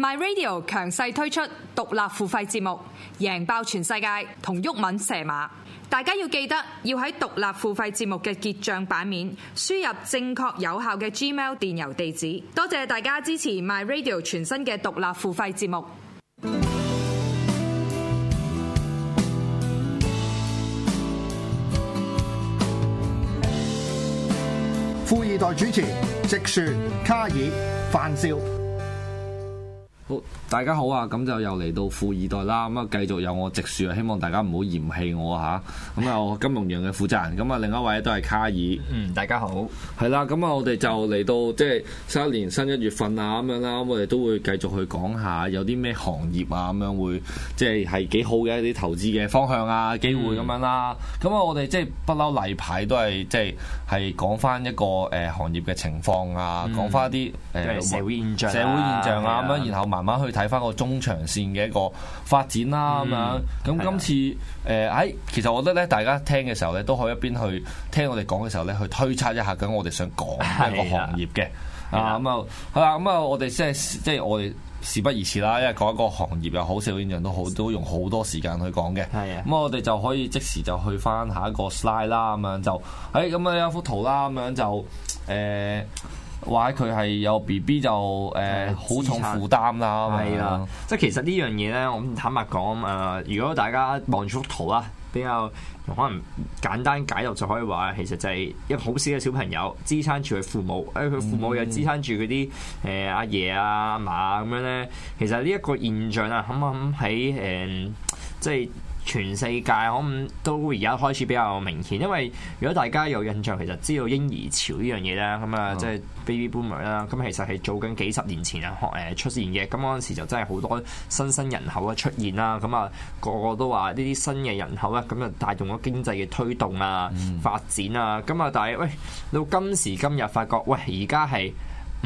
My Radio 強勢推出獨立付費節目，贏爆全世界同郁敏射馬。大家要記得要喺獨立付費節目嘅結賬版面輸入正確有效嘅 Gmail 電郵地址。多謝大家支持 My Radio 全新嘅獨立付費節目。富易袋主持：直樹、卡爾、范少。大家好啊！咁就又嚟到富易袋啦，咁啊繼續有我直樹啊，希望大家唔好嫌棄我嚇。咁啊，金融業嘅負責人，咁啊另一位都係卡爾。嗯，大家好。係啦，咁啊我哋就嚟到即係新一年新一月份啊咁樣啦，咁我哋都會繼續去講下有啲咩行業啊咁樣會即係係幾好嘅一啲投資嘅方向啊機會咁樣啦。咁啊、嗯、我哋即係不嬲例牌都係即係係講翻一個誒行業嘅情況啊，講翻啲誒社會現象社會現象啊咁樣，的然後慢慢去睇翻個中長線嘅一個發展啦，咁樣咁今次誒喺的其實我覺得咧，大家聽嘅時候咧，都可以一邊去聽我哋講嘅時候咧，去推測一下咁我哋想講一個行業嘅啊，咁啊，係啦咁啊，我哋即係即係我哋事不宜遲啦，因為講一個行業又好，社會現象都好，都用好多時間去講嘅。係咁的、嗯、我哋就可以即時就去翻下一個 slide 啦、嗯，咁樣就喺咁啊一幅圖啦，咁樣就誒。.話佢係有 B B 就誒好重負擔啦，係啊撐！即係樣其實呢樣嘢咧，我坦白講誒，如果大家望住幅圖啊，比較可能簡單解讀就可以話，其實就係一好少嘅小朋友支撐住佢父母，誒佢、嗯、父母又支撐住嗰啲誒阿爺啊阿嫲咁樣咧。其實呢一個現象啊，暗暗喺誒即係。全世界我諗都而家開始比較明顯，因為如果大家有印象，其實知道嬰兒潮呢樣嘢啦，咁啊，即係 baby boomer 啦，咁其實係早緊幾十年前誒出現嘅，咁嗰陣時就真係好多新生人口嘅出現啦，咁啊，個個都話呢啲新嘅人口啊，咁啊帶動咗經濟嘅推動啊、mm. 發展啊，咁啊，但係喂到今時今日發覺，喂而家係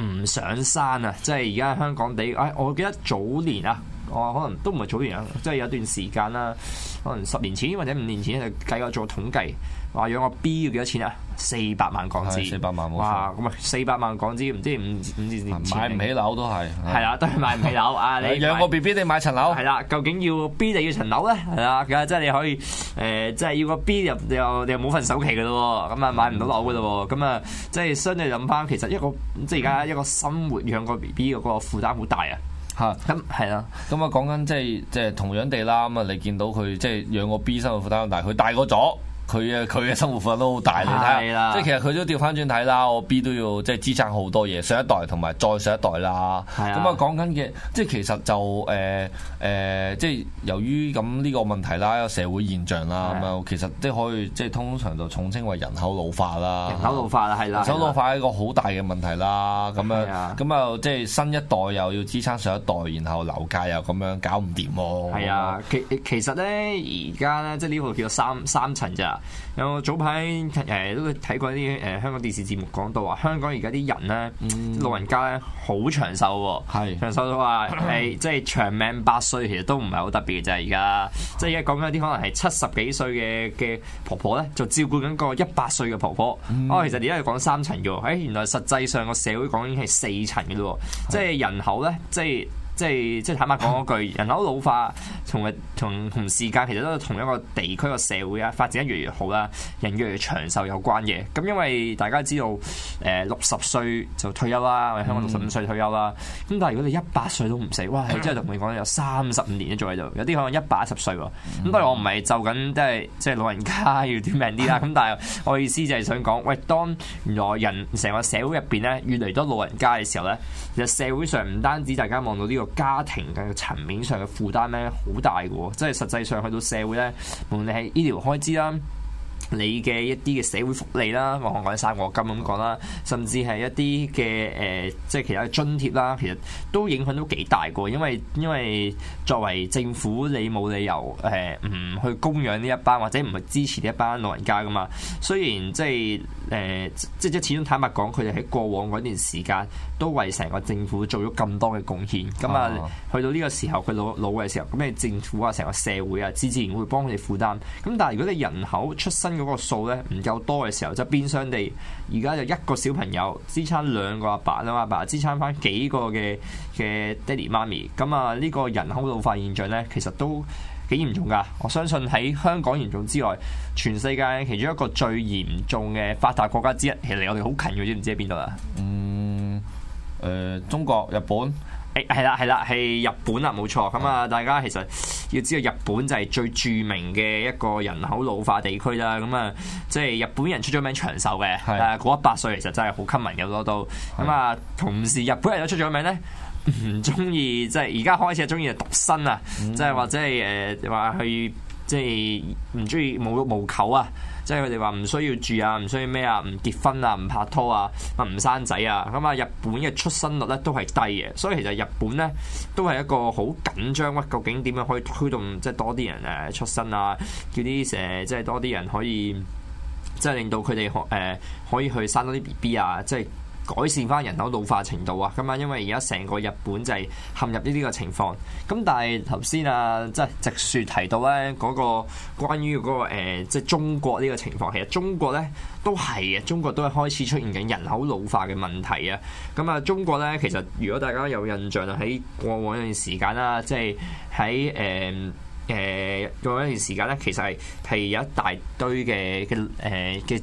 唔想生啊，即係而家香港地，誒，我記得早年啊。哦、可能都唔係早養，即係有段時間啦。可能十年前或者五年前，就計過做統計，話養個 B 要幾多錢啊？四百萬港紙，四百萬冇錯。哇，咁啊，四百萬港紙，唔知五五年前買唔起樓都係。係啊，都係買唔起樓啊！ 你買養個 B B 你買層樓？係啦，究竟要 B 定要層樓咧？係啦，咁即係你可以誒，即、呃、係、就係、要個 B 入，你又你又冇份首期嘅咯喎，咁啊買唔到樓嘅咯喎，咁啊即係相對諗翻，其實一個即係而家一個生活養個 B B 嗰個負擔好大啊！嚇咁係啦，咁啊、 嗯、講緊即係即係同樣地啦，咁、嗯、啊你見到佢即係養個 B 生活負擔大，但係佢大個咗。佢啊，佢嘅生活費都好大，你睇下，即係其實佢都調翻轉睇啦。我 B 都要即係支撐好多嘢，上一代同埋再上一代啦。咁啊，講緊嘅即係其實就誒誒，即係由於咁呢個問題啦，有社會現象啦咁啊，其實即係可以即係通常就重稱為人口老化啦。人口老化啦，係啦，人口老化係一個好大嘅問題啦。咁啊，咁啊，即係新一代又要支撐上一代，然後樓價又咁樣搞唔掂。係啊，其其實咧而家咧，即係呢個叫三三層咋。有早排誒、呃、都睇過一啲誒、呃、香港電視節目講到話，香港而家啲人咧、嗯、老人家咧好長壽、哦，是長壽到話係即係長命八歲，其實都唔係好特別嘅啫。就係而家即係而家講緊啲可能係七十幾歲嘅嘅婆婆咧，就照顧緊個一百歲嘅婆婆。哦、嗯哎，其實而家係講三層嘅喎、哎，原來實際上個社會講緊係四層嘅咯，即係人口咧，即係。 即係即係坦白講嗰句，人口老化同嘅同同時間，其實都係同一個地區嘅社會啊，發展得越嚟越好啦，人越嚟越長壽有關嘅。咁因為大家知道誒六十歲就退休啦，我哋香港六十五歲退休啦。咁但係如果你一百歲都唔死，哇！真係同你講有三十五年都仲喺度，有啲可能一百一十歲喎。咁當然我唔係就緊即係即係老人家要短命啲啦。咁但係我意思就係想講喂，當原來人成個社會入邊咧越嚟越多老人家嘅時候咧，其實社會上唔單止大家望到呢個。家庭嘅層面上嘅負擔咧，好大嘅喎，即係實際上去到社會咧，無論你係醫療開支啦，你嘅一啲嘅社會福利啦，或我啲生果金咁講啦，甚至係一啲嘅誒，即係其他嘅津貼啦，其實都影響都幾大嘅，因為因為作為政府，你冇理由誒唔、呃、去供養呢一班或者唔去支持呢一班老人家㗎嘛。雖然即係誒，即、呃、即，即，即始終坦白講，佢哋喺過往嗰段時間都為成個政府做咗咁多嘅貢獻，咁啊，啊去到呢個時候佢老老嘅時候，咁你政府啊，成個社會啊，自自然會幫佢哋負擔。咁但係如果你人口出生，嗰個數咧唔夠多嘅時候，就是、邊商地。而家就一個小朋友支撐兩個阿爸啊，阿爸，兩個阿爸，爸支撐翻幾個嘅嘅爹哋媽咪。咁啊，呢個人口老化現象咧，其實都幾嚴重噶。我相信喺香港嚴重之外，全世界其中一個最嚴重嘅發達國家之一，其實離我哋好近嘅，知唔知喺邊度啊？嗯，誒、呃，中國、日本。誒，係啦係啦，係日本啦，冇錯。咁啊，大家其實要知道日本就係最著名嘅一個人口老化地區啦。咁啊，即係日本人出咗名長壽嘅，誒是的 過一百歲其實真係好吸引好多都。咁啊，同時日本人又出咗名咧，唔中意，即係而家開始中意啊獨身啊，即係或者係誒話去即係唔中意無慾無求啊。即係佢哋話唔需要住啊，唔需要咩啊，唔結婚啊，唔拍拖啊，唔生仔啊，咁啊日本嘅出生率咧都係低嘅，所以其實日本咧都係一個好緊張，喂，究竟點樣可以推動即係多啲人誒出生啊？叫啲誒即係多啲人可以即係令到佢哋可誒可以去生多啲 BB 啊，即係。改善翻人口老化程度啊！咁啊，因為而家成個日本就係陷入呢啲個情況。咁但係頭先啊，即係直樹提到咧嗰個關於嗰、那個、呃、即係中國呢個情況。其實中國咧都係嘅，中國都係開始出現緊人口老化嘅問題啊！咁、嗯、啊，中國咧其實如果大家有印象啊，喺過往一段時間啦，即係喺誒誒過往一段時間咧，其實係係有一大堆嘅嘅誒嘅。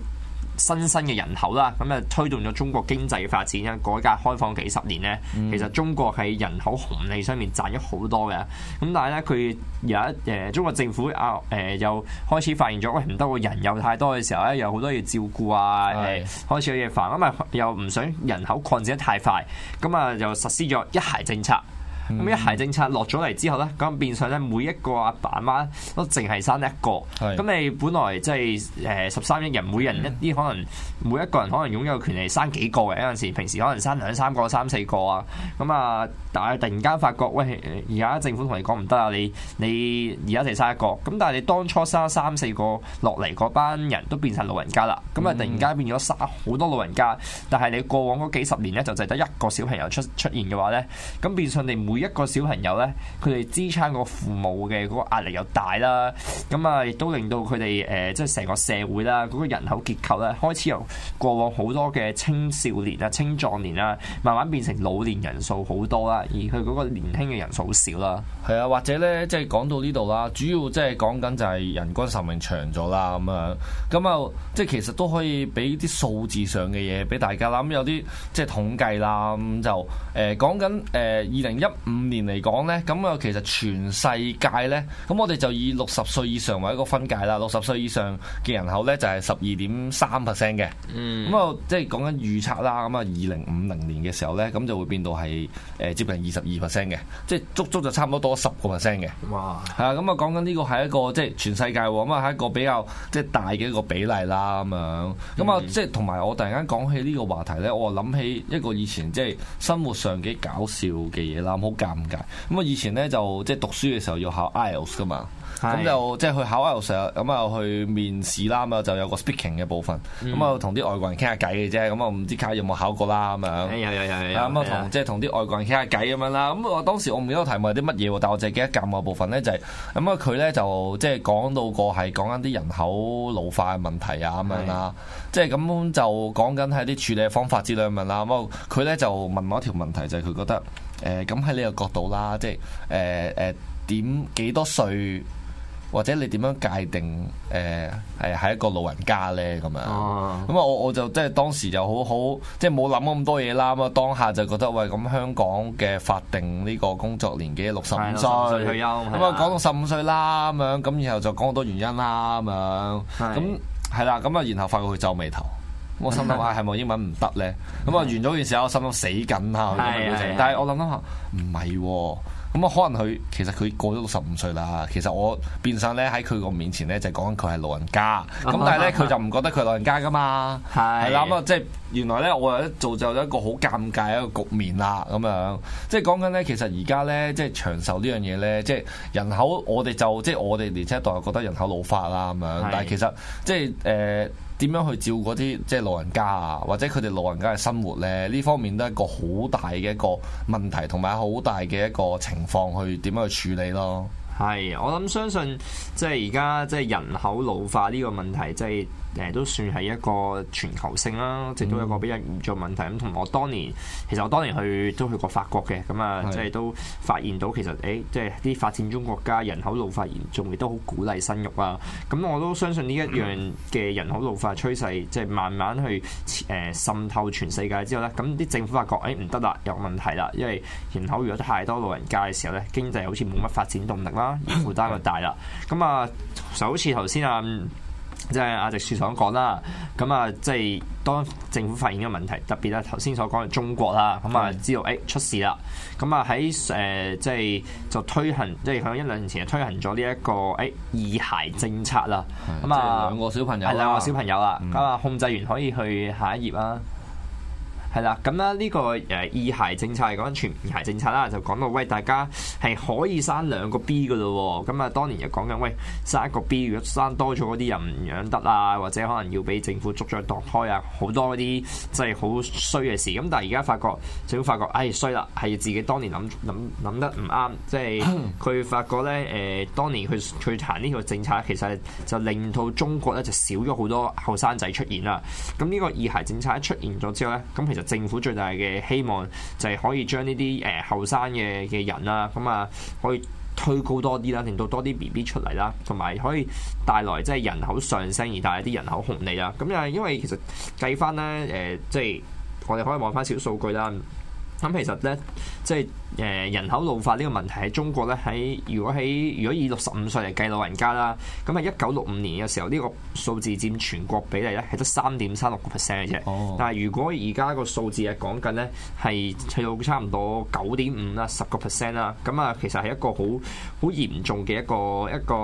新生嘅人口啦，咁啊推動咗中國經濟嘅發展。因改革開放幾十年咧，其實中國喺人口紅利上面賺咗好多嘅。咁但係咧，佢有一誒中國政府啊誒，又開始發現咗，喂唔得喎，人又太多嘅時候咧，有好多嘢照顧啊，誒係開始有嘢煩。咁啊又唔想人口擴展得太快，咁啊又實施咗一孩政策。咁、嗯、一孩政策落咗嚟之後咧，咁變相咧每一個阿爸阿媽，媽都淨係生一個。咁是你本來即係誒十三億人，每人一啲、嗯、可能每一個人可能擁有權利生幾個嘅，有陣時平時可能生兩三個、三四個啊。咁啊，但係突然間發覺，喂，而家政府同你講唔得啊！你你而家淨生一個。咁但係你當初生三四個落嚟嗰班人都變晒老人家啦。咁啊，突然間變咗生好多老人家。嗯、但係你過往嗰幾十年咧，就淨得一個小朋友出出現嘅話咧，咁變相你每一個小朋友呢，佢哋支撐個父母嘅嗰個壓力又大啦，咁啊亦都令到佢哋誒，即係成個社會啦，嗰、嗰個人口結構咧開始由過往好多嘅青少年啊、青壯年啊，慢慢變成老年人數好多啦，而佢嗰個年輕嘅人數好少啦。係啊， 或者呢，即係講到呢度啦，主要即係講緊就係人均壽命長咗啦，咁、嗯、樣，咁啊，即係其實都可以俾啲數字上嘅嘢俾大家啦，咁、嗯、有啲即係統計啦，咁就誒、呃、講緊誒二零一、呃五年嚟講呢，咁啊其實全世界呢，咁我哋就以六十歲以上為一個分界啦。六十歲以上嘅人口呢，就係十二點三 percent 嘅。咁啊、嗯，即係講緊預測啦。咁啊，二零五零年嘅時候呢，咁就會變到係誒接近二十二 percent 嘅，即係足足就差唔多多十個 percent 嘅。哇！係啊，咁啊講緊呢個係一個即係全世界喎，咁啊係一個比較即係大嘅一個比例啦。咁樣，咁啊、嗯、即係同埋我突然間講起呢個話題呢，我啊諗起一個以前即係生活上幾搞笑嘅嘢啦。好尷尬，咁啊 以前咧就即係讀書嘅時候要考 IELTS 噶嘛，咁就即係去考 IELTS 咁啊去面試啦，咁啊就有個 speaking 嘅部分，咁啊同啲外國人傾下偈嘅啫，咁啊唔知卡有冇考過啦咁樣，有有有，咁啊同即係同啲外國人傾下偈咁樣啦，咁我當時我唔記得題目係啲乜嘢，但我淨係記得尷尬部分咧就係，咁啊佢咧就即係講到過係講緊啲人口老化嘅問題的啊咁樣啦，即係咁就講緊喺啲處理方法之類問啦，咁佢咧就問我一條問題，就係、是、佢覺得。誒咁喺呢個角度啦，即係誒誒點幾多歲，或者你點樣界定誒誒係一個老人家咧？咁樣咁啊我，我我就即係當時就好好，即係冇諗咁多嘢啦嘛。當下就覺得喂，咁、哎、香港嘅法定呢個工作年紀六十五歲退休，咁對啊講到十五歲啦咁樣，咁然後就講好多原因啦咁樣，咁係啦，咁啊然後發覺佢皺眉頭。我心諗下係咪英文唔 得咧？咁是啊，完咗件事我心諗死緊啊！但係我諗諗下，唔係咁啊，可能佢其實佢過咗十五歲啦。其實我變相咧喺佢個面前咧，就講緊佢係老人家。咁但係咧，佢就唔覺得佢係老人家㗎嘛。係啦是是、嗯，咁啊，即係原來咧，我又造就咗一個好尷尬一個局面啦。咁樣即係講緊咧，其實而家咧，即係長壽呢樣嘢咧，即係人口我，我哋就即係我哋年青一代覺得人口老化啦咁樣。但係其實即係誒。呃點樣去照顧嗰啲即係老人家啊，或者佢哋老人家嘅生活咧？呢方面都係一個好大嘅一個問題，同埋好大嘅一個情況去點樣去處理咯。係，我諗相信即係而家即係人口老化呢個問題即係。誒、呃、都算係一個全球性啦、啊，直到、嗯、一個比較嚴重問題。咁同我當年，其實我當年去都去過法國嘅，咁啊，是的 即係都發現到其實誒、欸，即係啲發展中國家人口老化嚴重，亦都好鼓勵生育啊。咁我都相信呢一樣嘅人口老化趨勢，即係慢慢去誒、呃、滲透全世界之後呢。咁啲政府發覺誒唔得啦，有問題啦，因為人口如果太多老人家嘅時候呢，經濟好似冇乜發展動力啦、啊，負擔就大啦。咁啊，就好似頭先啊。嗯即係阿直樹所講啦，咁啊，即係當政府發現嘅問題，特別係頭先所講嘅中國啦，咁啊知道誒、哎、出事啦，咁啊喺誒即係就推行，即係響一兩年前就推行咗呢一個誒、哎、二孩政策啦，咁啊、就是、兩個小朋友，兩個小朋友啦，咁啊、嗯、控制完可以去下一頁啦。係啦，咁咧呢個誒二孩政策係講緊全二孩政策啦，就講到喂大家係可以生兩個 B 嘅咯喎，咁、嗯、啊當年就講緊喂生一個 B，如果生多咗嗰啲人唔養得啊，或者可能要俾政府捉咗墮胎啊，好多啲即係好衰嘅事。咁、嗯、但係而家發覺政府發覺誒衰啦，係、哎、自己當年諗諗諗得唔啱，即係佢發覺咧誒、呃、當年佢佢行呢個政策其實就令到中國咧就少咗好多後生仔出現啦。咁、嗯、呢、這個二孩政策一出現咗之後咧，咁其實。政府最大嘅希望就係可以將呢啲誒後生嘅嘅人啦，咁啊可以推高多啲啦，令到多啲 B B 出嚟啦，同埋可以帶來即係人口上升而帶一啲人口紅利啦。咁、啊、又因為其實計翻咧誒，即、呃、係、就是、我哋可以望翻少少數據啦。咁、啊、其實咧即係。就是誒人口老化呢個問題喺中國咧，喺如果喺如果以六十五歲嚟計老人家啦，咁啊一九六五年嘅時候呢個數字佔全國比例咧係得三點三六個 percent 嘅啫。哦、但係如果而家個數字係講緊咧，係去到差唔多九點五啦，十個 percent 啦，咁啊其實係一個好好嚴重嘅一個一個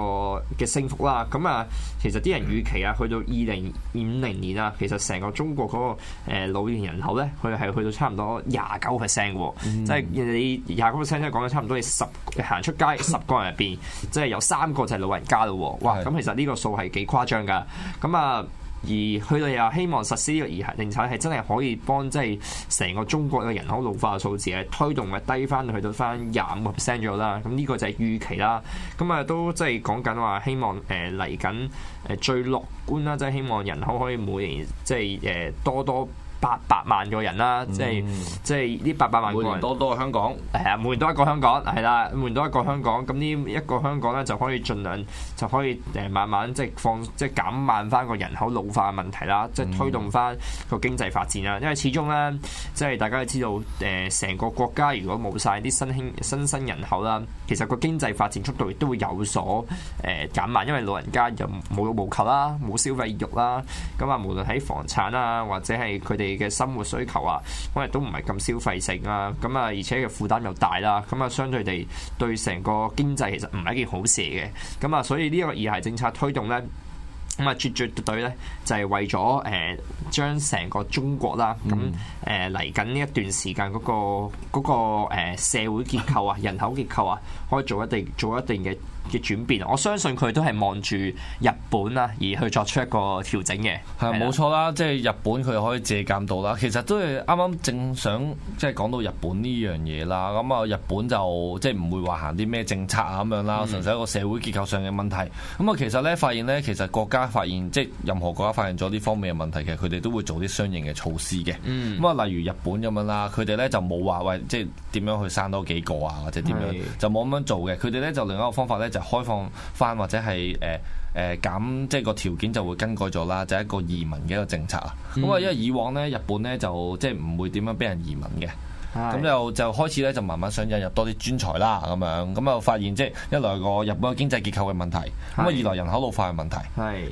嘅升幅啦。咁啊其實啲人預期啊去到二零二五零年啊，其實成個中國嗰個老年人口咧，佢係去到差唔多廿九 percent 喎，即係你。廿個 percent 咧，講咗差唔多你十行出街十個人入邊， 即係有三個就係老人家咯喎！哇，咁其實呢個數係幾誇張噶。咁啊，而佢哋又希望實施呢個二孩政策係真係可以幫，即係成個中國嘅人口老化嘅數字係推動嘅低翻去到翻廿五個 percent 咗啦。咁呢個就係預期啦。咁啊都即係講緊話，希望誒嚟緊誒最樂觀啦，即係希望人口可以每年即係誒、呃、多多。八百萬個人啦，即係即係呢八百萬個人，多多香港，係啊，每多一個香港，係啦，每年多一個香港，咁呢一個香港咧就可以儘量就可以誒慢慢即係放即係減慢翻個人口老化嘅問題啦，即係推動翻個經濟發展啦。嗯、因為始終咧，即係大家都知道誒，成、呃、個國家如果冇晒啲新興新生人口啦，其實個經濟發展速度亦都會有所誒減慢，因為老人家又冇慾冇求啦，冇消費慾啦，咁啊，無論喺房產啊或者係佢哋。嘅生活需求啊，可能都唔係咁消費性啊，咁啊，而且嘅負擔又大啦，咁啊，相對地對成個經濟其實唔係一件好事嘅，咁啊，所以呢一個二孩政策推動咧，咁啊，絕絕對咧就係為咗誒將成個中國啦，咁誒嚟緊呢一段時間嗰個嗰個誒社會結構啊、 人口結構啊，可以做一定做一定嘅。嘅轉變，我相信佢都係望住日本啊，而去作出一個調整嘅。係冇的的錯啦，即係日本佢可以借鑑到啦。其實都係啱啱正想即係講到日本呢樣嘢啦。咁啊，日本就即係唔會話行啲咩政策啊咁樣啦，純粹一個社會結構上嘅問題。咁啊、嗯，其實咧發現咧，其實國家發現即係任何國家發現咗呢方面嘅問題，其實佢哋都會做啲相應嘅措施嘅。嗯。咁啊，例如日本咁樣啦，佢哋咧就冇話喂，即係點樣去生多幾個啊，或者點樣，的就冇咁樣做嘅。佢哋咧就另一個方法咧就開放翻或者係誒誒減，即係個條件就會更改咗啦，就係一個移民嘅一個政策啊。咁啊，因為以往呢，日本呢就即係唔會點樣俾人移民嘅。咁就就開始咧，就慢慢想引入多啲專才啦，咁樣咁啊，又發現即係一來個日本嘅經濟結構嘅問題，咁啊是二來人口老化嘅問題，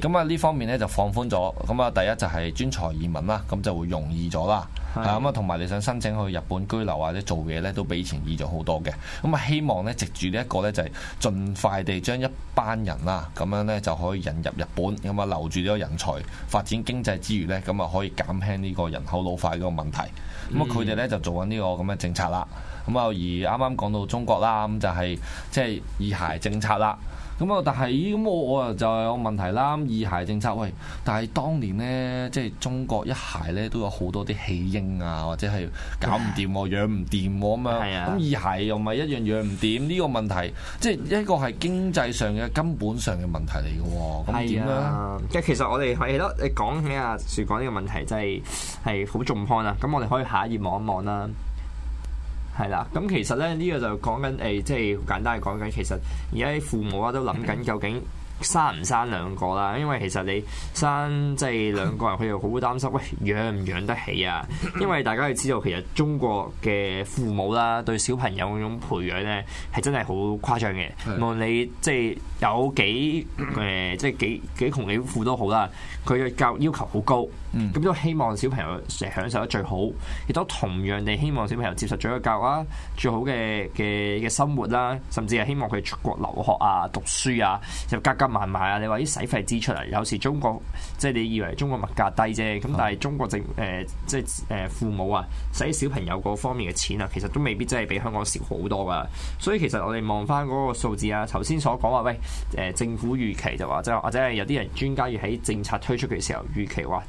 咁啊呢方面咧就放寬咗，咁啊第一就係專才移民啦，咁就會容易咗啦，咁啊同埋你想申請去日本居留或、啊、者做嘢咧，都比以前易咗好多嘅，咁啊希望咧藉住呢一個咧就係、是、盡快地將一班人啦，咁樣咧就可以引入日本，咁啊留住呢個人才發展經濟之餘咧，咁啊可以減輕呢個人口老化嘅問題。咁啊，佢哋咧就做緊呢個咁嘅政策啦。咁啊，而啱啱講到中國啦，咁就係即係二孩政策啦。咁啊！但係咁我我啊就係有問題啦。二孩政策，喂！但係當年咧，即係中國一孩咧都有好多啲棄嬰啊，或者係搞唔掂，養唔掂咁啊。咁二孩又唔係一樣養唔掂呢個問題，即係一個係經濟上嘅根本上嘅問題嚟嘅。咁點咧？即係其實我哋係咯，你講起啊樹講呢個問題真係係好重看啊。咁我哋可以下一頁望一望啦。係啦，咁、嗯、其實咧呢、呢個就講緊誒，即、欸、係、就是、簡單嘅講緊，其實而家啲父母啊都諗緊究竟生唔生兩個啦？因為其實你生即係、就是、兩個人，佢又好擔心喂養唔養得起啊。因為大家要知道，其實中國嘅父母啦，對小朋友嗰種培養咧係真係好誇張嘅。無論是的 你即係、就是、有幾誒，即、呃、係、就是、幾幾窮幾富都好啦，佢嘅教育要求好高。咁都希望小朋友成日享受得最好，亦都同樣地希望小朋友接受咗個教育啊，最好嘅嘅嘅生活啦、啊，甚至係希望佢出國留學啊、讀書啊，就夾夾埋埋啊。你話啲使費支出啊，有時中國即係你以為中國物價低啫，咁但係中國政誒、呃、即係誒父母啊，使小朋友嗰方面嘅錢啊，其實都未必真係比香港少好多噶。所以其實我哋望翻嗰個數字啊，頭先所講話，喂誒、呃、政府預期就話，即或者係有啲人專家要喺政策推出嘅時候預期話。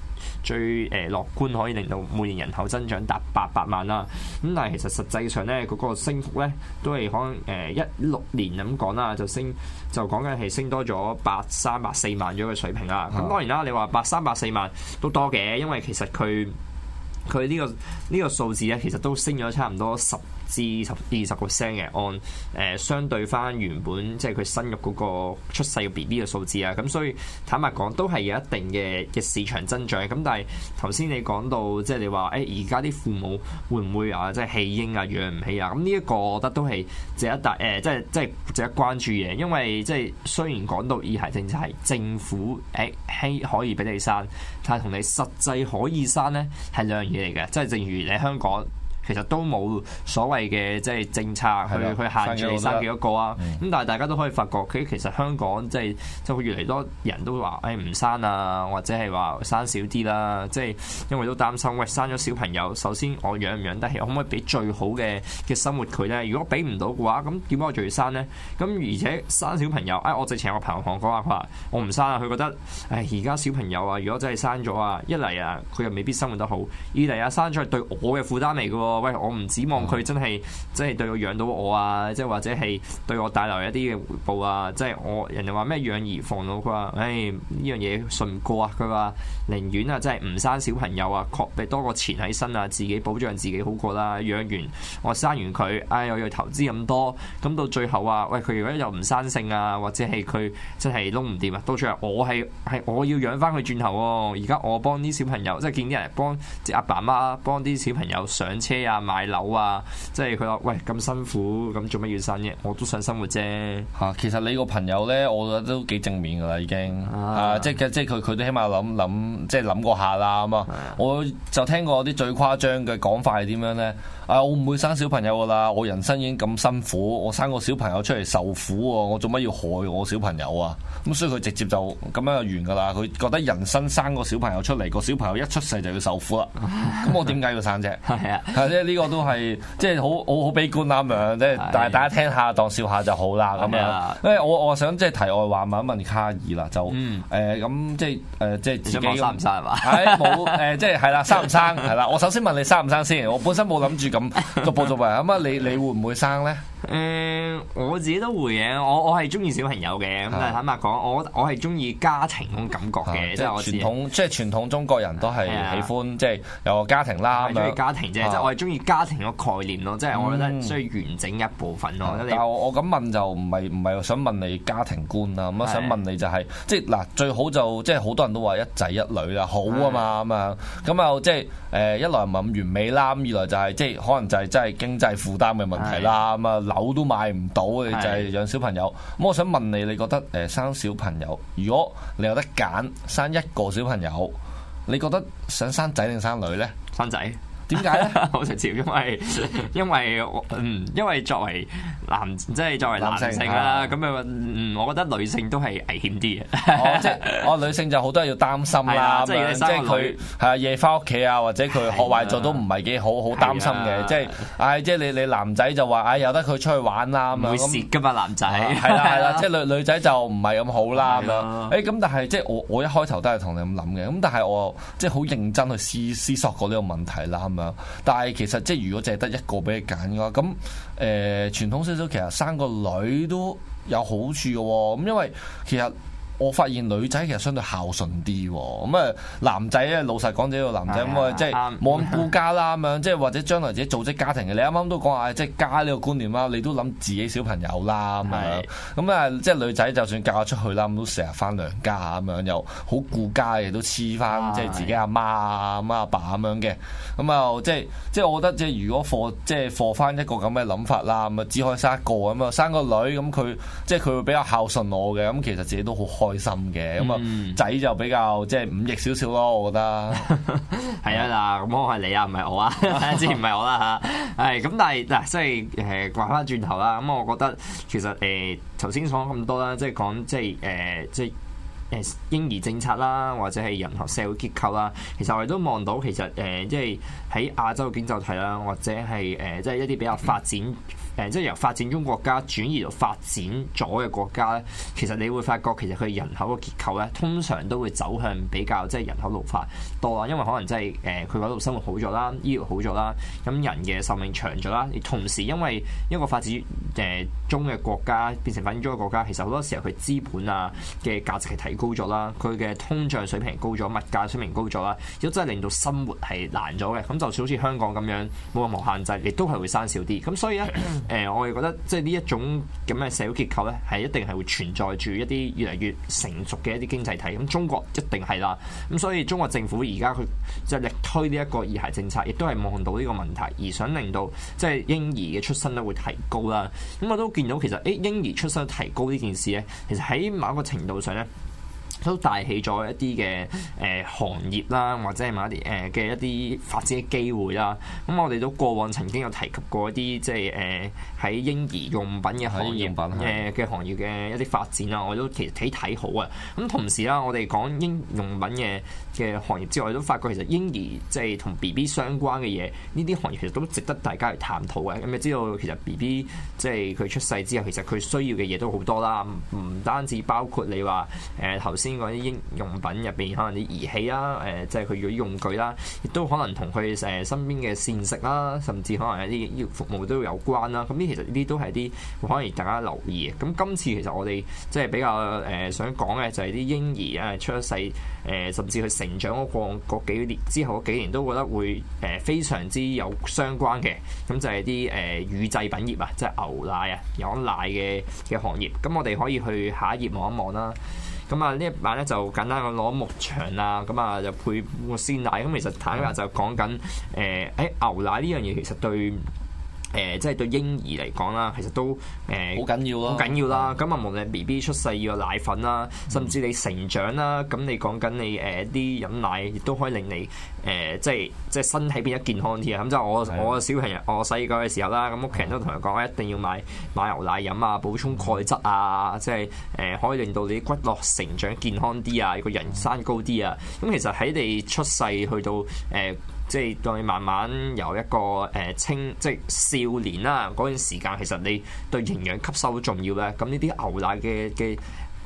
最誒樂觀可以令到每年人口增長達八百萬啦，咁但係其實實際上咧，佢、個升幅咧都係可能誒一六年咁講啦，就升就講緊係升多咗八三百四萬咗個水平啦。咁、嗯、當然啦，你話八三百四萬都多嘅，因為其實佢佢呢個呢、個數字咧，其實都升咗差唔多十。至十二十個 percent 嘅，按誒相對翻原本即係佢生育嗰個出世嘅 B B 嘅數字啊，咁所以坦白講都係有一定嘅嘅市場增長。咁但係頭先你講到即係你話誒而家啲父母會唔會啊即係棄嬰啊養唔起啊？咁呢一個我覺得都係值得大誒，欸、即係即係值得關注嘅，因為即係雖然講到二孩政策係政府誒希可以俾你生，但係同你實際可以生咧係兩樣嘢嚟嘅，即係正如你香港。其實都冇所謂嘅即係政策去的去限制你生幾多個啊！咁、嗯、但係大家都可以發覺，佢其實香港即係就會越嚟多人都話：誒、哎、唔生啊，或者係話生少啲啦。即係因為都擔心，喂，生咗小朋友，首先我養唔養得起，可唔可以俾最好嘅嘅生活佢咧？如果俾唔到嘅話，咁點解我仲要生咧？咁而且生小朋友、哎、誒，我之前有個朋友講話，佢話我唔生啊。佢覺得，誒、哎，而家小朋友啊，如果真係生咗啊，一嚟啊，佢又未必生活得好，二嚟啊，生咗係對我嘅負擔嚟嘅喎。喂，我唔指望佢真係，即係對我養到我啊，即係或者係對我帶來一啲嘅回報啊，即係我人哋話咩養兒防老，佢話，唉呢、哎、樣嘢信唔過啊，佢話寧願啊，即係唔生小朋友啊，確俾多個錢喺身啊，自己保障自己好過啦。養完我生完佢，唉、哎、又要投資咁多，咁到最後啊，喂，佢如果又唔生性啊，或者係佢真係搞唔掂啊，到最後我係係我要養翻佢轉頭喎、啊。而家我幫啲小朋友，即係見啲人幫啲阿爸媽幫啲小朋友上車。啊！買樓啊，即係佢話喂咁辛苦，咁做乜要生啫？我都想生活啫吓。其實你個朋友咧，我覺得都幾正面噶啦，已經啊，啊，即係即係佢佢都起碼諗諗，即係諗過下啦咁、嗯、啊。我就聽過啲最誇張嘅講法係點樣咧？啊！我唔會生小朋友噶啦，我人生已經咁辛苦，我生個小朋友出嚟受苦喎，啊，我做乜要害我小朋友啊？咁，啊、所以佢直接就咁樣就完噶啦。佢覺得人生生個小朋友出嚟，個小朋友一出世就要受苦啦。咁， 啊、我點解要生啫？係即係呢個都係即係好，好，好悲觀啦咁樣。即係，但大家聽下當笑下就好啦。咁樣，因為我我想即係題外話問一問卡爾啦，就誒咁，呃、即係誒、呃、即係、呃、自己生唔生係嘛？係冇誒，即係係啦，生唔生係啦？我首先問你生唔生先？我本身冇諗住。咁逐步逐步啊嘛，你你會唔會生咧？誒，我自己都會嘅，我我係中意小朋友嘅，咁但坦白講，我我係中意家庭嗰種感覺嘅，即係傳統，即係傳統中國人都係喜歡即係有個家庭啦，中意家庭啫，即係我係中意家庭個概念咯，即係我覺得需要完整一部分咯。我我咁問就唔係唔係想問你家庭觀啦，咁啊想問你就係即係嗱最好就即係好多人都話一仔一女啦，好啊嘛咁啊，咁啊即係誒一來唔係咁完美啦，咁二來就係即係可能就係真係經濟負擔嘅問題啦，咁啊。狗都買唔到你就係、是、養小朋友。咁是我想問你，你覺得誒生小朋友，如果你有得揀，生一個小朋友，你覺得想生仔定生女呢？生仔。點解咧？好直接，因為因為嗯，因為作為男，即係作為男性性啦，咁啊，我覺得女性都係危險啲嘅。即係哦，女性就好多人要擔心啦，即係佢係啊，夜翻屋企啊，或者佢學壞咗都唔係幾好，好擔心嘅。即係唉，即係你你男仔就話唉，由得佢出去玩啦，咁啊，會蝕噶嘛，男仔係啦係啦，即係女女仔就唔係咁好啦咁樣。誒，咁但係即係我我一開頭都係同你咁諗嘅，咁但係我即係好認真去思思索過呢個問題啦。但係其實即係如果淨係得一個俾你揀嘅話，咁誒、呃、傳統少少其實生個女都有好處嘅喎，咁因為其實。我發現女仔其實相對孝順啲，咁、嗯、啊男仔咧老實講，呢個男仔咁啊即係冇咁顧家啦，咁樣即係或者將來自己組織家庭嘅。你啱啱都講話，即、啊、係、就是、家呢個觀念啦，你都諗自己小朋友啦，咁樣咁啊即係女仔就算嫁出去啦，咁都成日翻娘家咁樣又好顧家嘅，都黐翻 即係自己阿媽啊阿爸咁樣嘅，咁、嗯、啊即係即係我覺得即係如果放即係放翻一個咁嘅諗法啦，咁啊只可以生一個咁啊生，生個女，咁、嗯、佢即係佢會比較孝順我嘅，咁其實自己都好開。開心嘅咁啊，仔、嗯、就比較即係、就是、五億少少咯，我覺得係啊嗱，咁我係你啊，唔係我啊，之前唔係我啦吓，係咁、啊 啊、但係嗱，即係誒，話翻轉頭啦，咁、嗯、我覺得其實誒，頭先講咁多啦，即係講即係誒，即係誒，嬰、就是呃、兒政策啦，或者係人口社會結構啦，其實我哋都望到其實誒，即係喺亞洲嘅經濟體啦，或者係誒，即、呃、係、就是、一啲比較發展。誒、嗯，即係由發展中國家轉移到發展咗嘅國家咧，其實你會發覺其實佢人口嘅結構咧，通常都會走向比較即係人口老化。因為可能真係誒佢嗰度生活好咗啦，醫療好咗啦，咁人嘅壽命長咗啦。而同時因為一個發展誒中嘅國家變成發展中嘅國家，其實好多時候佢資本啊嘅價值係提高咗啦，佢嘅通脹水平高咗，物價水平高咗啦，亦都真係令到生活係難咗嘅，咁就好似香港咁樣冇任何限制，亦都係會生少啲。咁所以咧，誒、呃、我係覺得即係呢一種咁嘅社會結構咧，係一定係會存在住一啲越嚟越成熟嘅一啲經濟體。咁中國一定係啦。咁所以中國政府而家佢就力推呢一個二孩政策，亦都係望到呢個問題，而想令到即係嬰兒嘅出生率會提高啦。咁、嗯、我都見到其實誒、欸、嬰兒出生提高呢件事咧，其實喺某一個程度上咧。都帶起咗一啲嘅誒行業啦，或者係某、呃、一啲誒嘅一啲發展嘅機會啦。咁、嗯、我哋都過往曾經有提及過一啲即係誒喺嬰兒用品嘅行業，誒嘅、呃、行業嘅一啲發展啊，我都其實幾睇好啊。咁同時啦，我哋講嬰用品嘅嘅行業之外，都發覺其實嬰兒即係同 B B 相關嘅嘢，呢啲行業其實都值得大家去探討嘅。咁、嗯、你知道其實 B B 即係佢出世之後其實佢需要嘅嘢都好多啦，唔單止包括你話誒頭先。呃呃先嗰啲嬰用品入邊，可能啲儀器啦，誒、呃，即係佢用具啦，亦都可能同佢誒身邊嘅膳食啦，甚至可能有啲服務都有關啦。咁、啊、呢，其實呢啲都係啲可能大家留意嘅。咁今次其實我哋即係比較誒想講嘅就係啲嬰兒啊出世誒、呃，甚至佢成長嗰個幾年之後嗰幾年都覺得會誒非常之有相關嘅。咁就係啲誒乳製品業啊，即係牛奶啊，有奶嘅嘅行業。咁我哋可以去下一頁望一望啦。咁啊呢一晚咧就簡單咁攞牧場啊，咁啊就配個鮮奶，咁其實坦白就講緊誒，誒、呃欸、牛奶呢樣嘢其實對。誒、呃，即係對嬰兒嚟講啦，其實都誒好緊要咯，好緊要啦。咁啊、嗯，無論 B B 出世要有奶粉啦，甚至你成長啦，咁你講緊你誒啲、呃、飲奶，亦都可以令你誒、呃、即係即係身體變得健康啲啊。咁即係我、嗯、我小朋友我細個嘅時候啦，咁屋企人都同佢講，一定要買買牛奶飲啊，補充鈣質啊，即係誒、呃、可以令到你骨骼成長健康啲啊，個人生高啲啊。咁其實喺你出世去到誒。呃呃即係當你慢慢由一個誒青，即係少年啦嗰段時間，其實你對營養吸收好重要咧。咁呢啲牛奶嘅嘅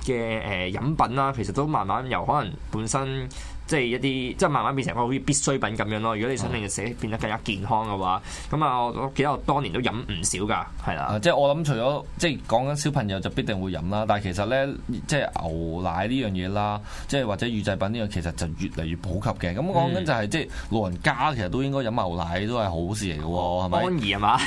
嘅誒飲品啦、啊，其實都慢慢由可能本身。即係一啲，即係慢慢變成一個好似必需品咁樣咯。如果你想令個身體變得更加健康嘅話，咁啊，我記得我當年都飲唔少㗎，係啦。即係我諗，除咗即係講緊小朋友就必定會飲啦，但係其實咧，即係牛奶呢樣嘢啦，即係或者乳製品呢樣其實就越嚟越普及嘅。咁講緊就係、是嗯、即係老人家其實都應該飲牛奶，都係好事嚟嘅喎，係咪、嗯吧？安怡係嘛？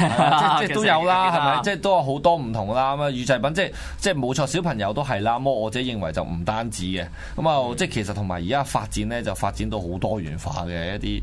即係都有啦，係咪？ 即係都有好多唔同啦。咁、嗯、啊，乳製品即係即係冇錯，小朋友都係啦。咁我我自己認為就唔單止嘅。咁啊，即係、嗯、即是 其實同埋而家發展。就發展到好多元化嘅一啲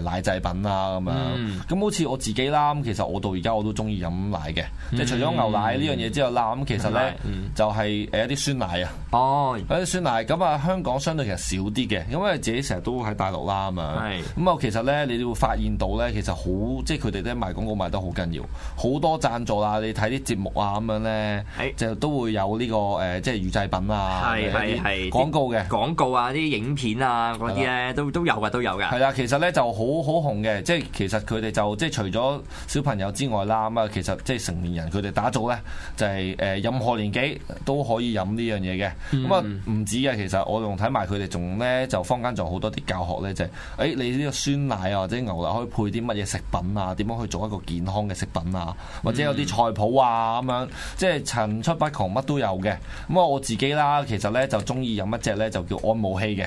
誒奶製品啦、啊、咁、嗯、樣，咁好似我自己啦，咁其實我到而家我都中意飲奶嘅，即係除咗牛奶呢樣嘢之外啦，咁、嗯、其實咧嗎就係誒一啲酸奶啊，哦，一啲酸奶，咁啊、哦嗯、香港相對其實少啲嘅，因為自己成日都喺大陸啦、啊、嘛，係是、嗯，咁啊其實咧你會發現到咧，其實好，即係佢哋咧賣廣告賣得好緊要，好多贊助啦，你睇啲節目啊咁樣咧，就是、都會有呢、呢個誒即係乳製品啊，係係係廣告嘅廣告啊啲影片啊。嗰啲咧都都有嘅，都有嘅係啦。其實咧就好好紅嘅，即係其實佢哋就即係除咗小朋友之外啦。咁啊，其實即係成年人佢哋打造咧就係誒，任何年紀都可以飲呢樣嘢嘅。咁啊、嗯，唔止嘅，其實我仲睇埋佢哋仲咧就坊間仲好多啲教學咧，就係、是、誒、哎，你呢個酸奶啊，或者牛奶可以配啲乜嘢食品啊？點樣去做一個健康嘅食品啊？或者有啲菜譜啊，咁樣即係層出不窮，乜都有嘅。咁啊，我自己啦，其實咧就中意飲一隻咧就叫安慕希嘅。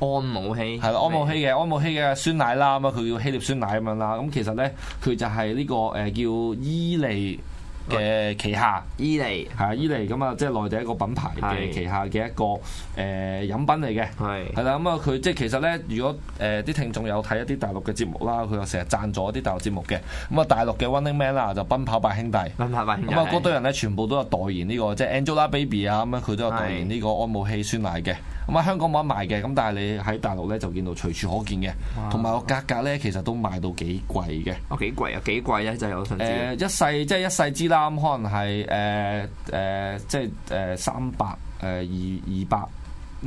安慕希係啦，安慕希嘅的安慕希嘅酸奶啦，咁啊佢叫希臘酸奶咁樣啦。咁其實咧佢就係呢、這個誒、呃、叫伊利嘅旗下，伊利係啊，伊利咁啊，即係內地一個品牌嘅旗下嘅一個誒飲的、呃、品嚟嘅。係係啦，咁啊佢即係其實咧，如果誒啲、呃、聽眾有睇一啲大陸嘅節目啦，佢又成日贊助一啲大陸節目嘅。咁啊，大陸嘅 Running Man 啦，就奔跑吧兄弟，咁啊，嗰堆人咧、就是、全部都有代言呢、這個，即係 Angelababy 啊咁啊，佢都有代言呢個安慕希酸奶嘅。的咁啊，香港冇得賣嘅，咁但係你喺大陸咧就見到隨處可見嘅，同埋個價格咧其實都賣到幾貴嘅。哦，幾貴啊，幾貴啊！呃、就係我上次一細，即係一細支啦，可能係誒誒，即係誒三百誒二二百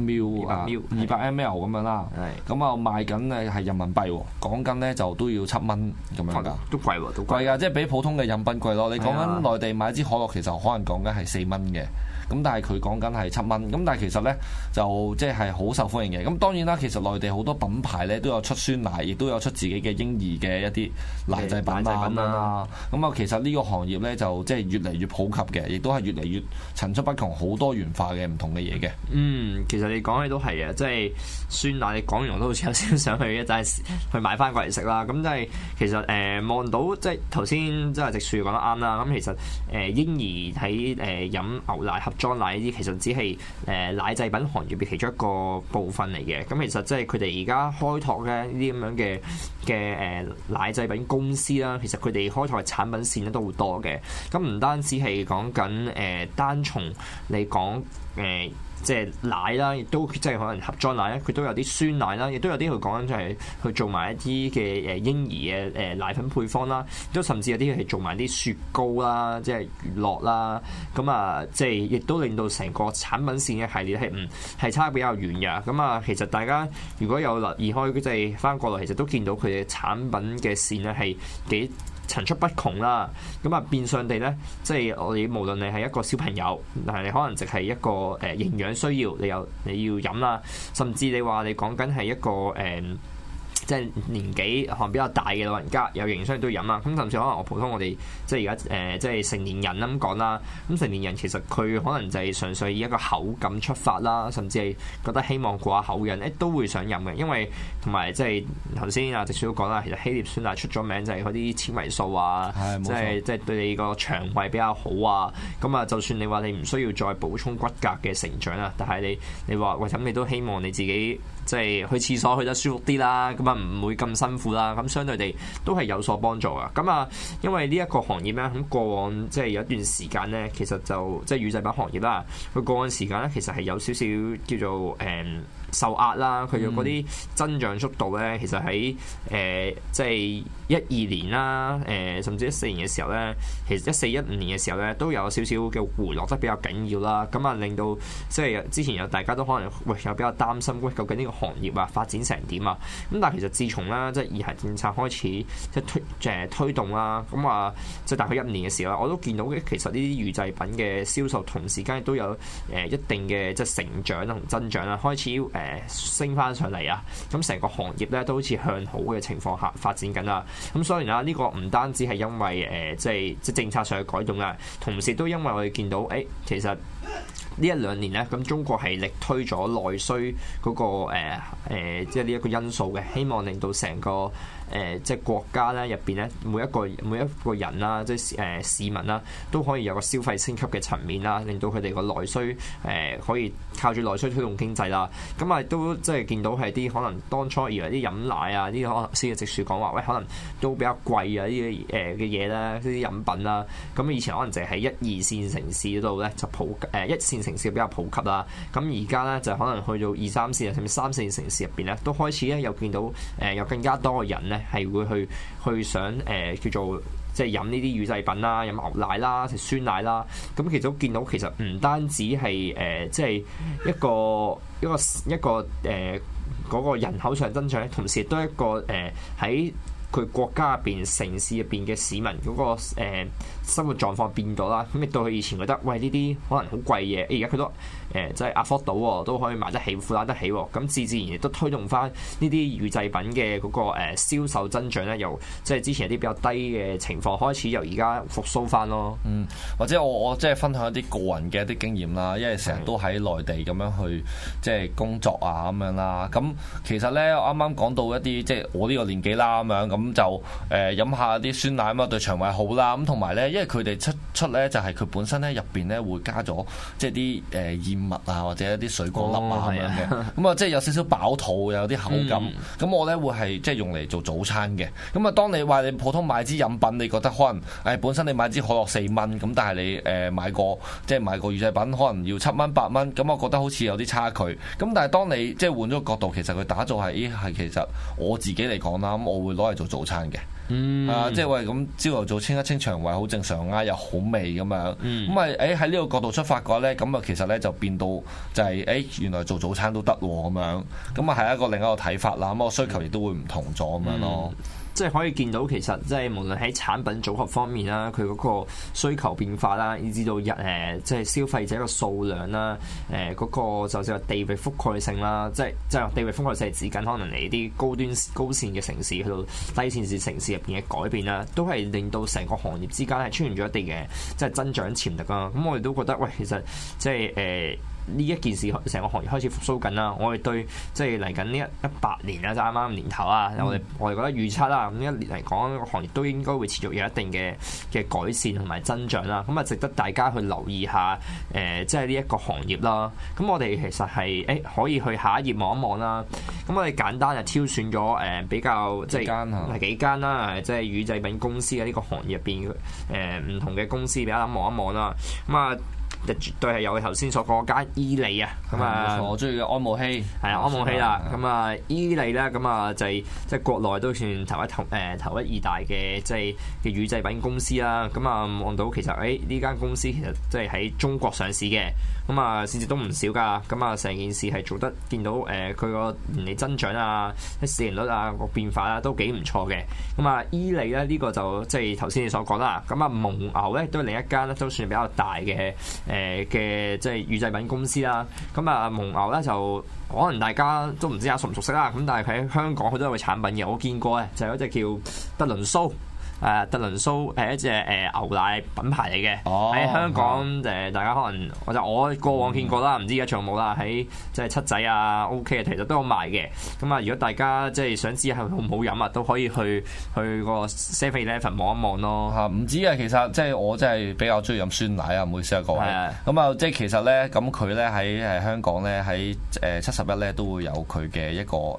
ml 啊，二百 ml 咁是樣啦。係是。咁啊，賣緊誒係人民幣喎，講緊咧就都要七蚊咁樣㗎、啊，都貴喎、啊，都貴㗎、啊，即係比普通嘅飲品貴咯。你講緊內地買支可樂，其實可能講緊係四蚊嘅。咁但係佢講緊係七蚊，咁但係其實咧就即係好受歡迎嘅。咁當然啦，其實內地好多品牌咧都有出酸奶，亦都有出自己嘅嬰兒嘅一啲奶製品啦。咁啊、嗯，其實呢個行業咧就即係越嚟越普及嘅，亦都係越嚟越層出不窮、好多元化嘅唔同嘅嘢嘅。嗯，其實你講起都係啊，即、就、係、是、酸奶，你講完，完都好似有少少想去嘅，但係去買翻過嚟食啦。咁即係其實誒望、呃、到即係頭先即係直樹講得啱啦。咁其實誒、呃、嬰兒喺誒、呃、飲牛奶盒。裝奶呢啲其實只係誒奶製品行業嘅其中一個部分嚟嘅，咁其實即係佢哋而家開拓嘅呢啲咁樣嘅嘅誒奶製品公司啦，其實佢哋開拓嘅產品線咧都好多嘅，咁唔單止係講緊誒單從你講誒。呃即係奶啦，亦都即係可能盒裝奶咧，佢都有啲酸奶啦，亦都有啲佢講緊就係、是、佢做埋一啲嘅誒嬰兒嘅誒奶粉配方啦，都甚至有啲係做埋啲雪糕啦，即係娛樂啦。咁啊，即係亦都令到成個產品線嘅系列係唔係差比較遠嘅。咁啊，其實大家如果有留意開佢，即係翻過嚟，其實都見到佢嘅產品嘅線咧係幾。層出不窮啦，咁啊變相地咧，即係我哋無論你係一個小朋友，但係你可能淨係一個誒、呃、營養需要，你有你要飲啦，甚至你話你講緊係一個誒。嗯即係年紀可能比較大嘅老人家有營養都要飲啊，咁甚至可能我普通我哋即係而家誒即係成年人啦咁講啦，咁成年人其實佢可能就係純粹以一個口感出發啦，甚至係覺得希望過下口癮，誒、欸、都會想飲嘅，因為同埋即係頭先阿直樹都講啦，其實希臘酸奶出咗名就係嗰啲纖維素啊，即係即係對你個腸胃比較好啊，咁啊就算你話你唔需要再補充骨骼嘅成長啊，但係你你話喂咁你都希望你自己。即係去廁所去得舒服啲啦，咁啊唔會咁辛苦啦，咁相對地都係有所幫助呀。咁啊，因為呢一個行業咧，咁過往即係有一段時間咧，其實就即係乳製品行業啦，佢過往時間咧其實係有少少叫做誒，嗯受壓啦，佢嘅嗰啲增長速度咧，其實喺誒、呃、即係一二年啦，誒、呃、甚至一四年嘅時候咧，其實一四一五年嘅時候咧，都有少少嘅回落，得比較緊要啦。咁啊，令到即係之前有大家都可能會有比較擔心，究竟呢個行業啊發展成點啊？咁但係其實自從啦，即係二孩政策開始即係推誒、呃、推動啦，咁啊即係大概一五年嘅時候，我都見到其實呢啲預製品嘅銷售同時間都有誒、呃、一定嘅即係成長同增長啦，開始。呃誒升翻上嚟啊！咁成個行業咧都好似向好嘅情況下發展緊啦。咁所以咧，呢個唔單止係因為誒、呃，即係即係政策上嘅改動啊，同時都因為我哋見到，誒、欸、其實呢一兩年咧，咁中國係力推咗內需嗰、那個誒、呃、即係呢一個因素嘅，希望令到成個。誒、呃，即係國家咧入邊咧，每一個每一個人啦，即係誒、呃、市民啦，都可以有個消費升級嘅層面啦，令到佢哋個內需誒、呃、可以靠住內需推動經濟啦。咁、嗯、啊，都即係見到係啲可能當初以為啲飲奶啊，呢啲可能先至直樹講話，喂，可能都比較貴、呃、啊，呢啲誒嘅嘢呢，啲飲品啦。咁以前可能就係喺一二線城市度咧就普誒、呃，一線城市比較普及啦。咁而家咧就可能去到二三線甚至三四線城市入邊咧，都開始咧又見到誒，有更加多嘅人咧。係會去去想誒、呃、叫做即係飲呢啲乳製品啦，飲牛奶啦，食酸奶啦。咁、嗯、其實我見到其實唔單止係誒，即、呃、係、就是、一個一個一個誒嗰、呃那個人口上增長，同時亦都係一個誒喺佢國家入邊、城市入邊嘅市民嗰、那個、呃生活狀況變咗啦，咁亦到佢以前覺得，喂呢啲可能好貴嘢，而家佢都誒即係 a f f 到喎，都可以買得起、負擔得起喎，咁自自然然亦都推動翻呢啲乳製品嘅嗰、那個誒、呃、銷售增長咧，由即係之前啲比較低嘅情況開始，由而家復甦翻咯。嗯，或者我我即係分享一啲個人嘅一啲經驗啦，因為成日都喺內地咁樣去即係工作啊咁樣啦。咁其實咧，啱啱講到一啲即係我呢個年紀啦，咁樣咁就誒飲、呃、下啲酸奶咁啊，對腸胃好啦。咁同埋咧即係佢哋出出咧，就係、是、佢本身咧入邊咧會加咗即係啲誒燕麥啊，或者一啲水果粒啊咁、oh, yeah. 樣嘅。咁啊，即係有少少飽肚又有啲口感。咁、mm. 我咧會係即係用嚟做早餐嘅。咁啊，當你話你普通買支飲品，你覺得可能誒、哎、本身你買支可樂四蚊，咁但係你誒買個即係買個乳製品，可能要七蚊八蚊。咁我覺得好似有啲差距。咁但係當你即係換咗個角度，其實佢打造係咦，係、哎、其實我自己嚟講啦，咁我會攞嚟做早餐嘅。嗯啊，即係喂，咁朝頭早清一清腸胃，好正常啊，又好味咁樣，咁咪誒喺呢個角度出發嘅話咧，咁啊其實咧就變到就係誒原來做早餐都得喎咁樣。咁啊係一個另一個睇法啦，咁我需求亦都會唔同咗咁樣咯。嗯即係可以見到，其實即係無論喺產品組合方面啦，佢嗰個需求變化啦，以至到人誒，即係消費者嘅數量啦，誒、呃、嗰、嗰個就叫做地域覆蓋性啦，即係即係地域覆蓋性係指緊可能嚟啲高端高線嘅城市去到低線市城市入邊嘅改變啦，都係令到成個行業之間係出現咗一啲嘅即係增長潛力啊。咁我哋都覺得，喂，其實即係誒。呃呢一件事，成個行業開始復甦緊啦！我哋對即係嚟緊呢一一八年啊，就啱啱年頭啊，嗯、我哋我哋覺得預測啦，咁一年嚟講，個行業都應該會持續有一定嘅嘅改善同埋增長啦。咁啊，值得大家去留意下，誒、呃，即係呢一個行業啦。咁我哋其實係誒可以去下一頁望一望啦。咁我哋簡單就挑選咗誒、呃、比較間、啊、即係幾間啦，即係乳製品公司嘅呢、這個行業入邊誒唔同嘅公司俾大家望一望啦。咁啊～啊就絕對係由佢頭先所講間伊利啊，咁啊，我中意嘅安慕希，係啊，安慕希啦，咁啊，伊利咧，咁啊就係即係國內都算頭一頭，誒頭一二大嘅，即係嘅乳製品公司啦。咁啊，望到其實誒呢間公司其實即係喺中國上市嘅，咁啊市值都唔少㗎。咁啊成件事係做得見到誒佢個年利增長啊、市盈率啊個變化啊，都幾唔錯嘅。咁啊，伊利咧呢個就即係頭先你所講啦。咁啊蒙牛咧都係另一間都算比較大嘅。誒嘅、呃、即係乳製品公司啦，咁啊蒙牛咧就可能大家都唔知啊熟唔熟悉啦，咁但係喺香港佢都有好多產品嘅，我見過嘅就有、是、一隻叫德倫蘇。誒、啊、特倫蘇係一隻誒牛奶品牌嚟嘅，喺、哦、香港誒、哦呃、大家可能我就我過往見過啦，唔知而家仲有冇啦。喺即係七仔啊、OK 啊，其實都有賣嘅。咁啊，如果大家即係想知係好唔好飲啊，都可以去去個看看看看 Seven Eleven 望一望咯。嚇唔知啊，其實即係我真係比較中意飲酸奶啊，唔好意思啊各位。咁啊的，即係其實咧，咁佢咧喺誒香港咧，喺誒七十一咧都會有佢嘅一個誒誒、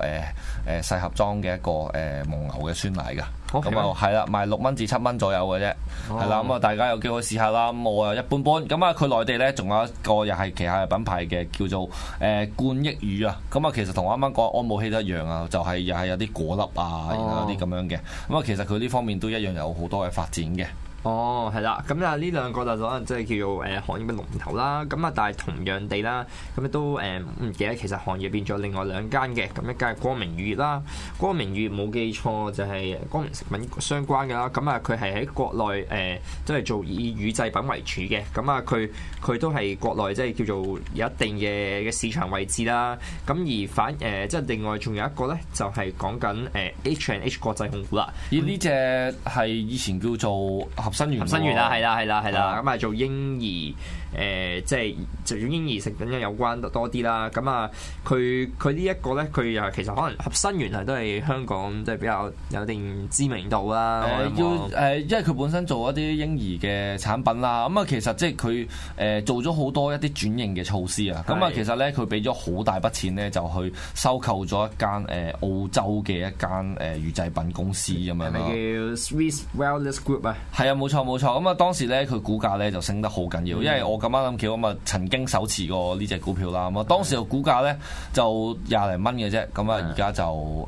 呃、細盒裝嘅一個誒蒙、呃呃、牛嘅酸，酸，酸，酸，酸奶噶。咁啊，係啦 Okay.，賣六蚊至七蚊左右嘅啫，係啦，咁啊，大家又叫我試下啦，咁我啊一般般。咁啊，佢內地咧仲有一個又係旗下嘅品牌嘅，叫做誒、呃、冠益乳啊。咁、嗯、啊，其實同我啱啱講安慕希都一樣啊，就係又係有啲果粒啊，oh. 然後啲咁樣嘅。咁、嗯、啊，其實佢呢方面都一樣有好多嘅發展嘅。哦，係啦，咁就呢兩個就可能即係叫做誒行業嘅龍頭啦。咁啊，但係同樣地啦，咁都誒唔、嗯、記得其實行業變咗另外兩間嘅，咁一間係光明乳業啦。光明乳業冇記錯就係光明食品相關嘅啦。咁啊，佢係喺國內誒即係做以乳製品為主嘅。咁啊，佢佢都係國內即係叫做有一定嘅嘅市場位置啦。咁而反誒即係另外仲有一個咧，就係講緊誒 H and H 國際控股啦。而呢隻係以前叫做合新源啊，係啦，係啦，係啦，咁啊、嗯、做嬰兒。誒、嗯，即係就與嬰兒食品嘅有關得多啲啦。咁、嗯、啊，佢佢呢一個咧，佢又其實可能合生元原來都係香港，即係比較有定知名度啦。要誒、嗯，有有因為佢本身做一啲嬰兒嘅產品啦。咁、嗯、啊，其實即係佢誒做咗好多一啲轉型嘅措施啊。咁啊的，其實咧，佢俾咗好大筆錢咧，就去收購咗一間誒澳洲嘅一間誒乳製品公司咁樣咯。的叫 Swiss Wellness Group 啊？係啊，冇錯冇錯。咁啊，當時咧佢股價咧就升得好緊要，因為我、嗯。嗯咁啱諗巧咁啊！曾經手持過呢隻股票啦，咁啊當時個股價咧就廿零蚊嘅啫，咁啊而家就誒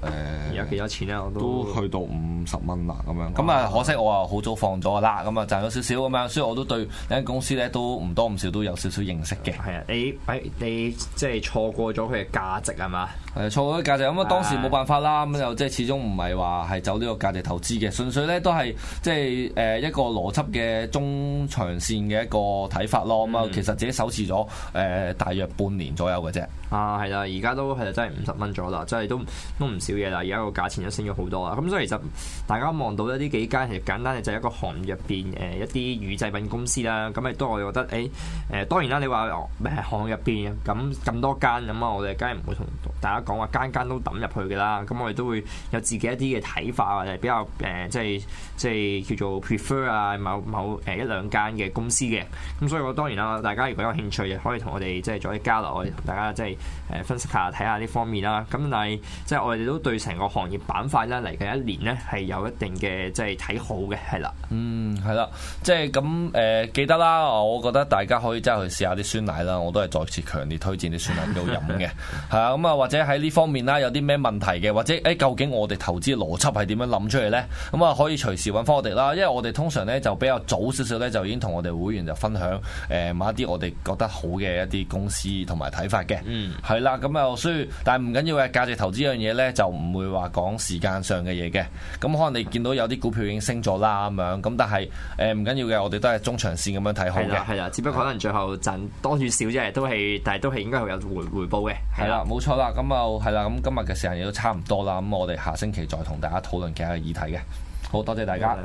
而家幾多錢咧？我都，都去到五十蚊啦，咁樣。咁啊，可惜我啊好早放咗啦，咁啊賺咗少少咁樣，所以我都對呢間公司咧都唔多唔少都有少少認識嘅。係啊，你誒你即係、就是、錯過咗佢嘅價值係嘛？係錯過咗價值，咁啊當時冇辦法啦，咁就即係始終唔係話係走呢個價值投資嘅，純粹咧都係即係誒一個邏輯嘅中長線嘅一個睇法咯。咁啊，其實自己手持咗誒，大約半年左右嘅啫。啊，係啦，而家都係真係五十蚊咗啦，真係都都唔少嘢啦。而家個價錢都升咗好多啊。咁所以其實大家望到呢幾間，其實簡單嘅就係一個行入邊誒一啲乳製品公司啦。咁亦都我哋覺得誒誒、欸呃、當然啦，你話誒行入邊咁咁多間咁啊，我哋梗係唔會同大家講話間間都抌入去嘅啦。咁我哋都會有自己一啲嘅睇法或者比較誒、呃、即係即係叫做 prefer 啊，某某誒、呃、一兩間嘅公司嘅。咁所以我當然啦，大家如果有興趣，可以同我哋即係做啲交流，大家即係。即誒，分析下睇下呢方面啦，咁但係即係我哋都對成個行業板塊咧嚟緊一年呢，係有一定嘅即係睇好嘅，係啦，嗯，係啦，即係咁誒記得啦，我覺得大家可以真係去試下啲酸奶啦，我都係再次強烈推薦啲酸奶好飲嘅，係啊，咁啊或者喺呢方面啦有啲咩問題嘅，或者誒、欸、究竟我哋投資邏輯係點樣諗出嚟咧？咁啊可以隨時揾翻我哋啦，因為我哋通常咧就比較早少少咧就已經同我哋會員就分享誒、呃、某一啲我哋覺得好嘅一啲公司同埋睇法嘅。嗯係啦，咁又所以，但係唔緊要嘅價值投資樣嘢咧，就唔會話講時間上嘅嘢嘅。咁可能你見到有啲股票已經升咗、呃、啦，咁樣，咁但係誒唔緊要嘅，我哋都係中長線咁樣睇好嘅。係啦，只不過可能最後賺多與少啫，都係，但係都係應該係有回回報嘅。係啦，冇錯啦，咁就係啦，咁今日嘅時間亦都差唔多啦，咁我哋下星期再同大家討論其他嘅議題嘅。好多謝大家。